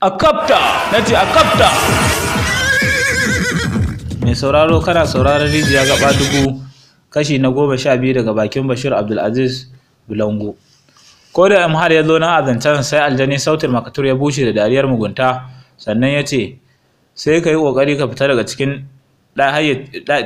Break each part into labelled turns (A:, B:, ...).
A: a kafta na ce a kafta mai sauraro kana sauraron rijiya gaba dubu kashi na goma sha biyu daga bakin bashir abdulaziz bulango ko da amhar ya zo na azancan sai aljani sautin makatur ya bushe da dariyar mugunta sannan ya ce sai ka yi kokari ka fita daga cikin daga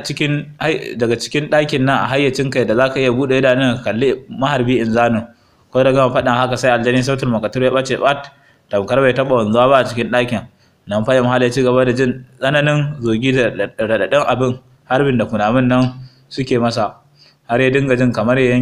A: cikin ɗakin nan a hayyacin kai da zaka iya buɗe idanun ka kalli maharbi in zanu ko gama faɗin haka sai aljani sautin makatur ya ɓace ɓat tamkar bai taba wanzuwa ba a cikin ɗakin nan fa yamma ya ci gaba da jin tsananin zogi da raɗaɗin abin harbin da kunamin nan suke masa har ya dinga jin kamar ya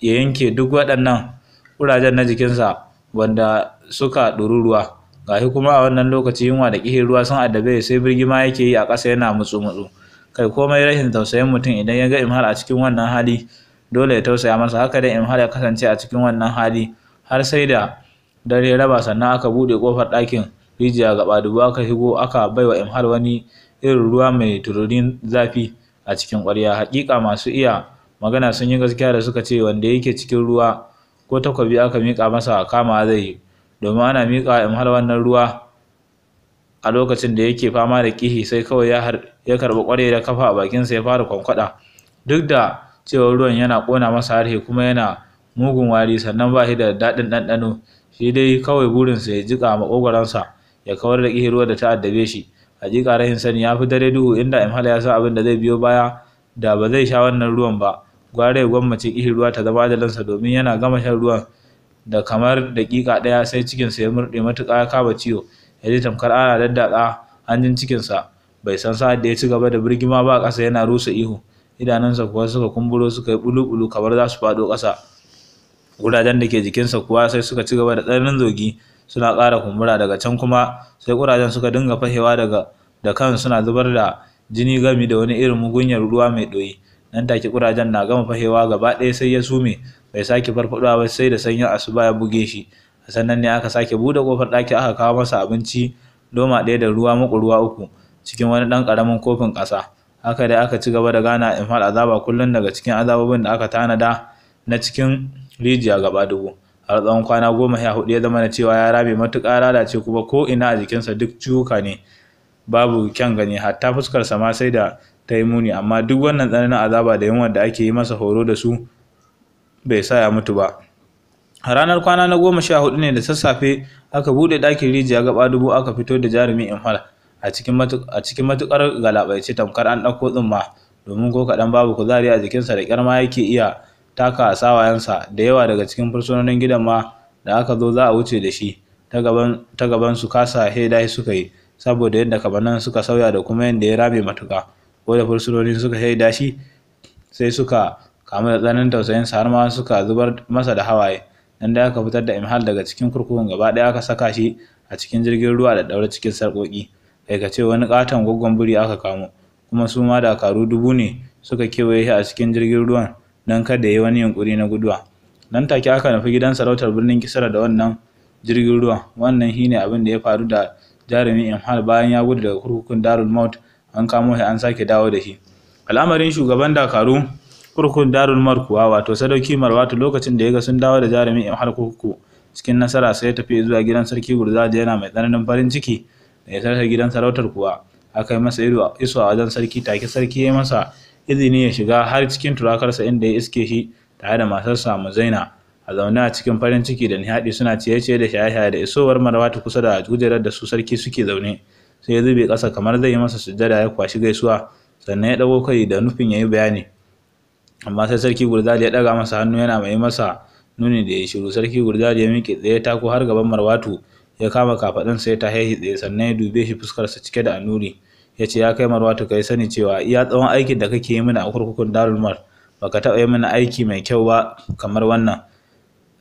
A: yanke duk waɗannan ƙurajen na jikinsa wanda suka ɗururuwa gashi kuma a wannan lokaci yunwa da ƙihin ruwa sun addabe sai birgima yake yi a ƙasa yana mutsu-mutsu kai komai rashin tausayin mutum idan ya ga imhal a cikin wannan hali dole ya tausaya masa haka dai imhal ya kasance a cikin wannan hali har sai da dare raba sannan aka bude kofar ɗakin rijiya gaba dubu aka higo aka baiwa imhal wani irin ruwa mai tururin zafi a cikin ƙwarya haƙiƙa masu iya magana sun yi gaskiya da suka ce wanda yake cikin ruwa ko takwabi aka miƙa masa kama zai yi domin ana miƙa imhal wannan ruwa a lokacin da yake fama da kihi sai kawai ya karɓi ƙwarya da kafa a sa ya fara kwankwaɗa duk da cewa ruwan yana ƙona masa harhe kuma yana mugun wari sannan ba shi da daɗin ɗanɗano shi dai kawai burinsa ya jiƙa maƙogwaransa ya kawar da ƙihirwar da ta addabe shi hakika rahin sani ya fi dare duhu inda imhal ya sa abin da zai biyo baya da ba zai sha wannan ruwan ba gware gwammace ƙihirwa ta zama adalinsa domin yana gama shan ruwan da kamar daƙiƙa ɗaya sai cikinsa ya murɗe matuƙa ya kaba ciwo ya ji tamkar ana daddatsa hanjin cikinsa bai san sa'ad da ya ci gaba da birgima ba ƙasa yana rusa ihu idanunsa kuwa suka kumburo suka yi bulu-bulu kamar za su faɗo ƙasa Ƙurajen da ke jikinsa kuwa sai suka ci gaba da tsananin zogi suna ƙara kumbura daga can kuma sai ƙurajen suka dinga fahewa daga da kan suna zubar da jini gami da wani irin mugunyar ruwa mai ɗoyi. Nan take ƙurajen na gama fahewa gaba ɗaya sai ya sume bai sake farfaɗowa ba sai da sanyin asuba ya buge shi. a Sannan ne aka sake buɗe ƙofar ɗaki aka kawo masa abinci loma ɗaya da ruwa muku ruwa uku cikin wani ɗan ƙaramin kofin ƙasa. Haka dai aka ci gaba da gana in azaba kullum daga cikin azabobin da aka tanada na cikin rijiya gaba dubu har tsawon kwana goma sha hudu ya zama na cewa ya rame matuƙa lalace kuma ko ina a jikinsa duk cuka ne babu kyan gani hatta fuskarsa ma sai da ta yi muni amma duk wannan tsananin azaba da yunwa da ake yi masa horo da su bai sa ya mutu ba a ranar kwana na goma sha hudu ne da sassafe aka buɗe ɗakin rijiya gaba dubu aka fito da jarumi infal a cikin matukar galabaice tamkar an ɗauko tsumma domin ko kaɗan babu kuzari a jikinsa da ƙyar ma yake iya taka a sawayensa da yawa daga cikin fursunonin gidan ma da aka zo za a wuce da shi ta gaban su kasa heda suka yi saboda yadda kabanan suka sauya da kuma yadda ya rame matuka ko da fursunonin suka heda shi sai suka kamu da tsananin sa har ma suka zubar masa da hawaye nan da aka fitar da imhal daga cikin kurkukun gaba ɗaya aka saka shi a cikin jirgin ruwa da daure cikin sarƙoƙi kai ka ce wani katon gwaggon biri aka kamo kuma su ma dakaru dubu ne suka kewaye shi a cikin jirgin ruwan don kada ya yi wani yunƙuri na guduwa. Nan take aka nufi gidan sarautar birnin kisara da wannan jirgin ruwa. Wannan shine abin da ya faru da jarumin Imhal bayan ya gudu daga kurkukun Darul Maut an kamo shi an sake dawo da shi. Al'amarin shugaban Dakaru kurkukun Darul Maut kuwa wato Sadauki Marwatu lokacin da ya ga sun dawo da jarumin Imhal kurkuku cikin nasara sai ya tafi zuwa gidan sarki Gurzaji yana mai tsananin farin ciki da ya sarka gidan sarautar kuwa. aka yi masa iso a wajen sarki take sarki ya masa izini ya shiga har cikin turakarsa inda ya iske shi tare da matarsa mu zaina a zaune a cikin farin ciki da nihaɗi suna ciye da shaye-shaye da isowar Marwatu kusa da kujerar da su sarki suke zaune sai ya zube ƙasa kamar zai yi masa sujjada ya kwashi gaisuwa sannan ya dago kai da nufin ya yi bayani amma sai sarki Gurzali ya daga masa hannu yana mai masa nuni da ya shiru sarki Gurzali ya miƙe tsaye tako har gaban marawatu ya kama kafaɗinsa ya tahe shi tsaye sannan ya dube shi fuskarsa cike da annuri ya ce ya kai marwatu kai sani cewa iya tsawon aikin da kake yi mana a kurkukun darul mar baka taɓa yi mana aiki mai kyau ba kamar wannan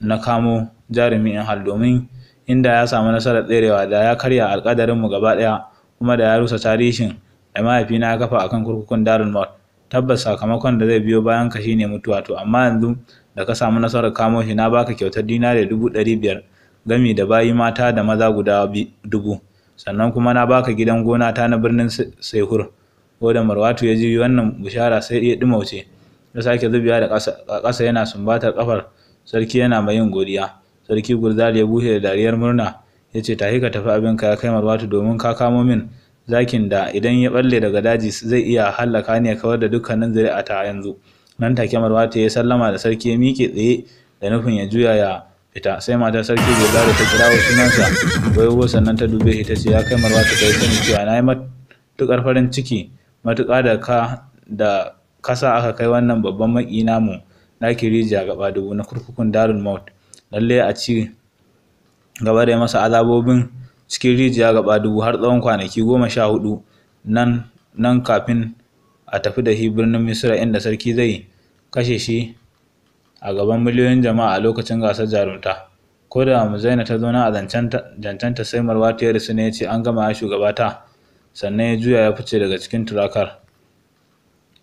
A: na kamo jarumi in hal domin inda ya samu nasarar tserewa da ya karya alkadarinmu gaba ɗaya kuma da ya rusa tarihin da mahaifina ya kafa akan kurkukun darul mar tabbas sakamakon da zai biyo bayan ka shine mutuwa to amma yanzu da ka samu nasarar kamo shi na baka kyautar dinari dubu ɗari biyar gami da bayi mata da maza guda dubu sannan kuma na baka gidan gona ta na birnin Saihur ko Marwatu ya ji wannan bushara sai ya dumauce ya sake zubiya da ƙasa yana sumbatar kafar sarki yana mai yin godiya sarki Gurzar ya bushe da dariyar murna ya ce tahi ka tafi abin ka kai Marwatu domin ka kamo min zakin da idan ya balle daga daji zai iya hallaka ne kawar da dukkanin zuri'a ta yanzu nan take Marwatu ya sallama da sarki ya miƙe tsaye da nufin ya juya ya ita sai matar sarki bai da ta kira wa sunansa waiwo sannan ta dube shi ta ce ya kai marwa ta kai sani cewa na yi matuƙar farin ciki matuka da ka da kasa aka kai wannan babban maƙi namu ɗakin rijiya gaba dubu na kurkukun darul maut lalle a ci gaba da masa azabobin cikin rijiya gaba dubu har tsawon kwanaki goma sha hudu nan nan kafin a tafi da shi birnin misira inda sarki zai kashe shi a gaban miliyoyin jama'a a lokacin gasar jarumta. Ko da Muzaina ta zauna a ta sai Marwa ta yarisu ne ya ce an gama ya shugaba ta sannan ya juya ya fice daga cikin turakar.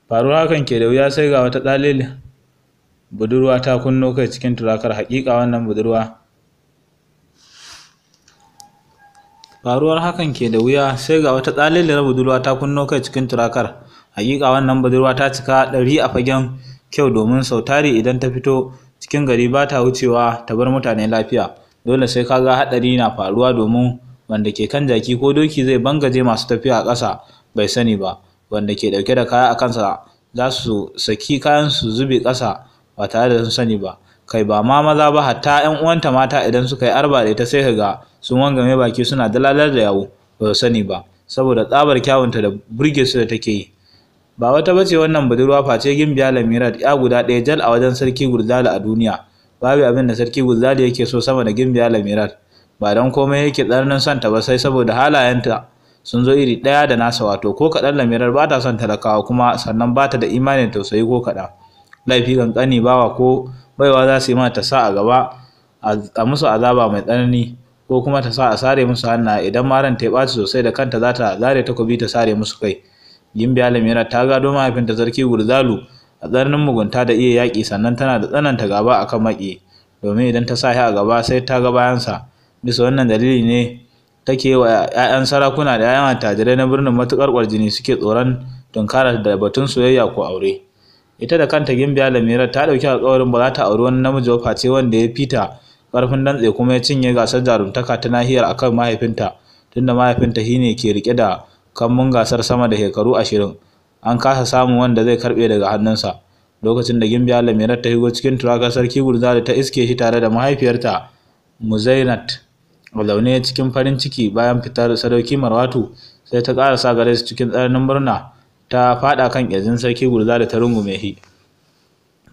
A: Faruwar hakan ke da wuya sai ga wata ɗalil budurwa ta kunno kai cikin turakar hakika wannan budurwa. Faruwar hakan ke da wuya sai ga wata dalilin budurwa ta kunno kai cikin turakar hakika wannan budurwa ta cika ɗari a fagen kyau domin sau tari idan ta fito cikin gari ba ta wucewa ta bar mutane lafiya dole sai kaga ga haɗari na faruwa domin wanda ke kan jaki ko doki zai bangaje masu tafiya a kasa bai sani ba wanda ke ɗauke da kaya a kansa za su saki kayan su zube kasa ba tare da sun sani ba kai ba ma maza ba hatta 'yan uwanta mata idan suka yi arba da ita sai ka ga sun wangame baki suna dalalar da yawo ba su sani ba saboda tsabar kyawunta da burge su da take yi Ba wata bace wannan budurwa face gimbiya Lamirat ya guda ɗaya jal a wajen Sarki Gurzali a duniya. Babu abin da Sarki Gurzali yake so sama da gimbiya Lamirat. Ba don komai yake tsananin son ta ba sai saboda halayenta sun zo iri ɗaya da nasa wato ko kaɗan Lamirar ba ta son talakawa kuma sannan ba ta da imanin tausayi ko kaɗan. Laifi kankani bawa ko baiwa za su yi mata sa a gaba a musu azaba mai tsanani ko kuma ta sa a sare musu hannaye idan maran ta ya ɓaci sosai da kanta za ta zare takobi ta sare musu kai Gimbiyalim yana ta gado mahaifinta sarki Gurzalu a tsananin mugunta da iya yaƙi sannan tana da tsananta gaba a kan maƙi domin idan ta sa shi a gaba sai ta ga bayansa bisa wannan dalili ne take wa 'ya'yan sarakuna da 'ya'yan attajirai na birnin matuƙar kwarjini suke tsoron tunkara da batun soyayya ko aure ita da kanta gimbiya lamira ta ɗauki alƙawarin ba za ta auri wani namiji ba face wanda ya fita ƙarfin dantse kuma ya cinye gasar jarumtaka ta nahiyar akan mahaifinta tunda mahaifinta shine ke rike da kammun gasar sama da shekaru ashirin an kasa samun wanda zai karbe daga hannunsa lokacin da gimbiya lamirar ta higo cikin turakar sarki gurzali ta iske shi tare da mahaifiyarta muzainat zaune cikin farin ciki bayan fitar sadauki marwatu sai ta sa gare su cikin tsananin murna ta faɗa kan ƙirjin sarki da ta rungume shi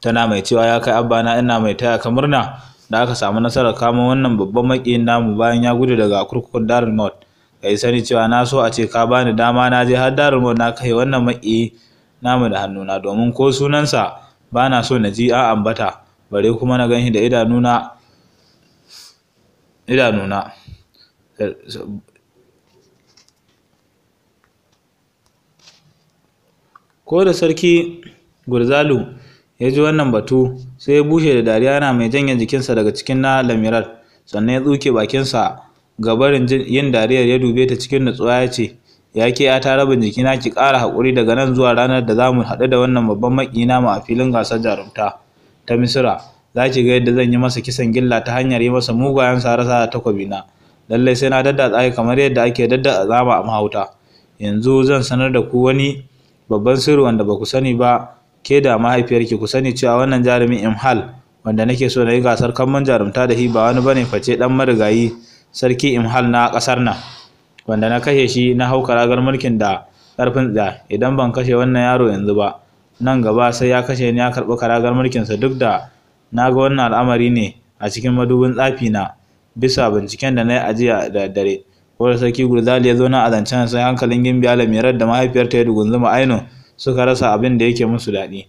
A: tana mai cewa ya kai na ina mai taya ka murna da aka samu nasarar kama wannan babban maƙiyin namu bayan ya gudu daga kurkukun darin north. kai sani cewa na so a ce ka bani dama na je har darul na kai wannan maki namu da hannuna domin ko sunansa ba na so na ji a ambata bare kuma na ganshi da idanuna idanuna ko da sarki gurzalu ya ji wannan batu sai ya bushe da dariya yana mai janye jikinsa daga cikin na lamirar sannan ya tsuke bakinsa gabarin barin yin dariyar ya dube ta cikin nutsuwa ya ce ya ke ya ta rabin jikina ki kara haƙuri daga nan zuwa ranar da za mu haɗu da wannan babban maƙina mu a filin gasar jarumta ta misira za ki ga yadda zan yi masa kisan gilla ta hanyar yi masa mugayen sare-sare na lallai sai na daddatsa tsaye kamar yadda ake daddatsa zama a mahauta yanzu zan sanar da ku wani babban sirri wanda ba ku sani ba ke da mahaifiyarki ku sani cewa wannan jarumin imhal wanda nake so na yi gasar kamman jarumta da hi ba wani bane face dan marigayi sarki imhal na kasar na. wanda na kashe shi na hau karagar mulkin da ƙarfin tsaya idan ban kashe wannan yaro yanzu ba nan gaba sai ya kashe ni ya karɓi karagar mulkinsa duk da na ga wannan al'amari ne a cikin madubin tsafi na bisa binciken da na yi ajiya da dare ko da sarki gurzali ya zo na azancen sai hankalin gimbi alamirar da mahaifiyarta ya dugunzuma aino suka rasa abin da yake musu daɗi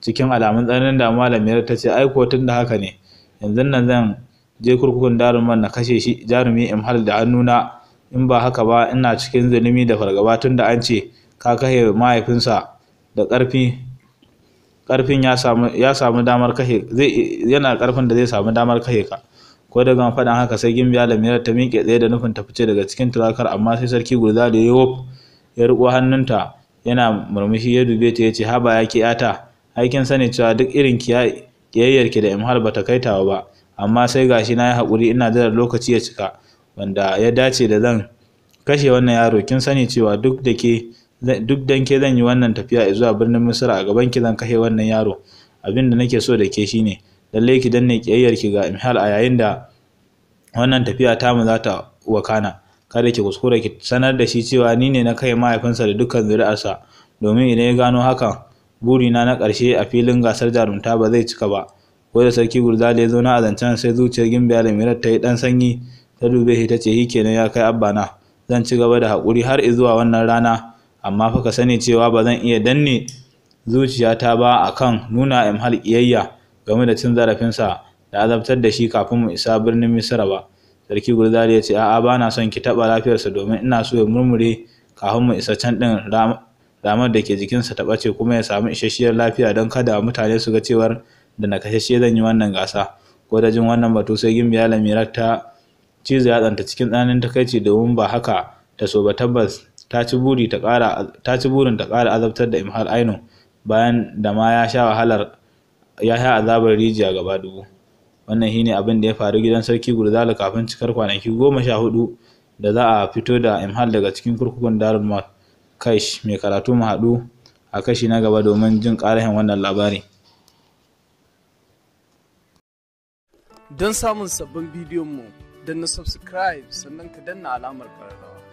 A: cikin alamun tsananin damuwa lamirar ta ce aiko tun da haka ne yanzu nan zan je kurkukun jaruman na kashe shi jarumi in har da hannuna in ba haka ba ina cikin zunumi da fargaba tun da an ce ka kahe mahaifinsa da ƙarfi ƙarfin ya samu damar kahe yana ƙarfin da zai samu damar kahe ka ko daga gama faɗin haka sai gimbiya da miyar ta miƙe tsaye da nufin ta fice daga cikin turakar amma sai sarki guda da ya ya riƙo hannunta yana murmushi ya dube ta ya ce haba ya ki yata aikin sani cewa duk irin kiyayyarki da imhal bata kai tawa ba amma sai gashi na yi haƙuri ina jira lokaci ya cika wanda ya dace da zan kashe wannan yaro kin sani cewa duk da ke duk dan ke zan yi wannan tafiya zuwa birnin Misra a gaban ki zan kashe wannan yaro abin da nake so da ke shine lalle ki danne kiyayyar ki ga Imhal a yayin da wannan tafiya ta mu zata wakana kada ki kuskura ki sanar da shi cewa ni ne na kai mahaifinsa da dukkan zuri'arsa domin idan ya gano hakan burina na karshe a filin gasar jarumta ba zai cika ba ko da sarki gurzali ya zo na zancen sai zuciyar gimbiya lamirar ta yi dan sanyi ta dube shi ta ce shi kenan ya kai abba zan ci gaba da haƙuri har zuwa wannan rana amma fa ka sani cewa ba zan iya danne zuciyata ba a kan nuna imhal ƙiyayya game da cin zarafinsa da azabtar da shi kafin mu isa birnin misira ba sarki gurzali ya ce a'a ba na son ki taɓa lafiyarsa domin ina so ya murmure kafin mu isa can ɗin ramar da ke jikinsa ta ɓace kuma ya samu isasshiyar lafiya don kada mutane su ga cewar da na kashe zan yi wannan gasa ko da jin wannan batu sai gimbiya lamirar ta cizo ya tsanta cikin tsananin takaici domin ba haka ta so ba tabbas ta ci burin ta kara azabtar da imhal aino bayan da ma ya sha wahalar ya sha azabar rijiya gaba dubu wannan shine abin da ya faru gidan sarki gurzalu kafin cikar kwanaki goma sha hudu da za a fito da imhal daga cikin kurkukun darul kaish mai karatu mu haɗu a kashi na gaba domin jin ƙarahin wannan labari don samun sabbin bidiyon mu na subscribe sannan ka danna alamar ƙararrawa.